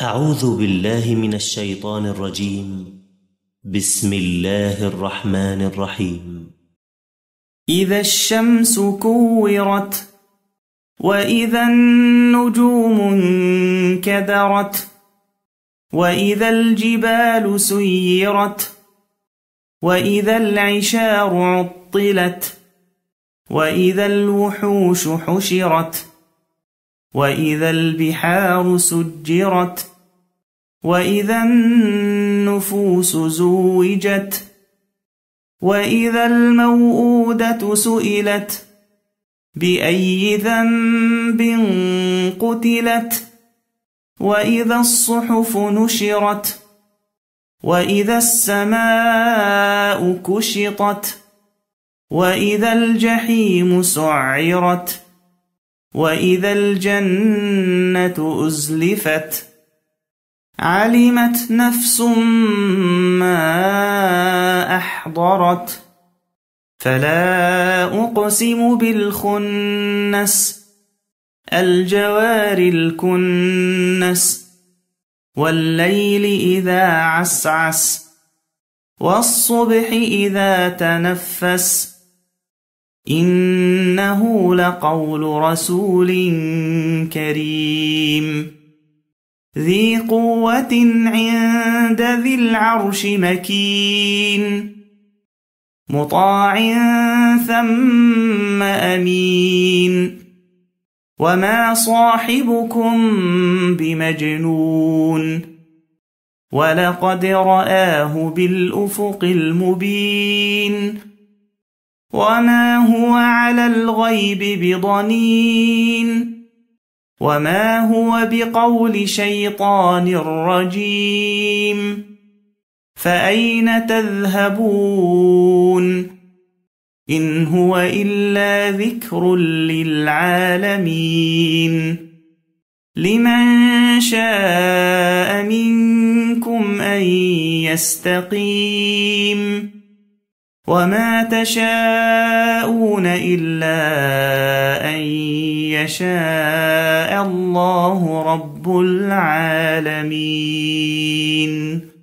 أعوذ بالله من الشيطان الرجيم بسم الله الرحمن الرحيم إذا الشمس كورت وإذا النجوم انكدرت وإذا الجبال سيرت وإذا العشار عطلت وإذا الوحوش حشرت وإذا البحار سجرت وإذا النفوس زوجت وإذا الموءودة سئلت بأي ذنب قتلت وإذا الصحف نشرت وإذا السماء كشطت وإذا الجحيم سعرت وإذا الجنة أزلفت علمت نفس ما أحضرت فلا أقسم بالخنس الجوار الكنس والليل إذا عسعس والصبح إذا تنفس إنه لقول رسول كريم ذي قوة عند ذي العرش مكين مطاع ثم أمين وما صاحبكم بمجنون ولقد رآه بالأفق المبين وما هو على الغيب بضنين وما هو بقول شيطان رجيم فأين تذهبون إن هو إلا ذكر للعالمين لمن شاء منكم أن يستقيم وما تشاءون إلا أن يشاء الله رب العالمين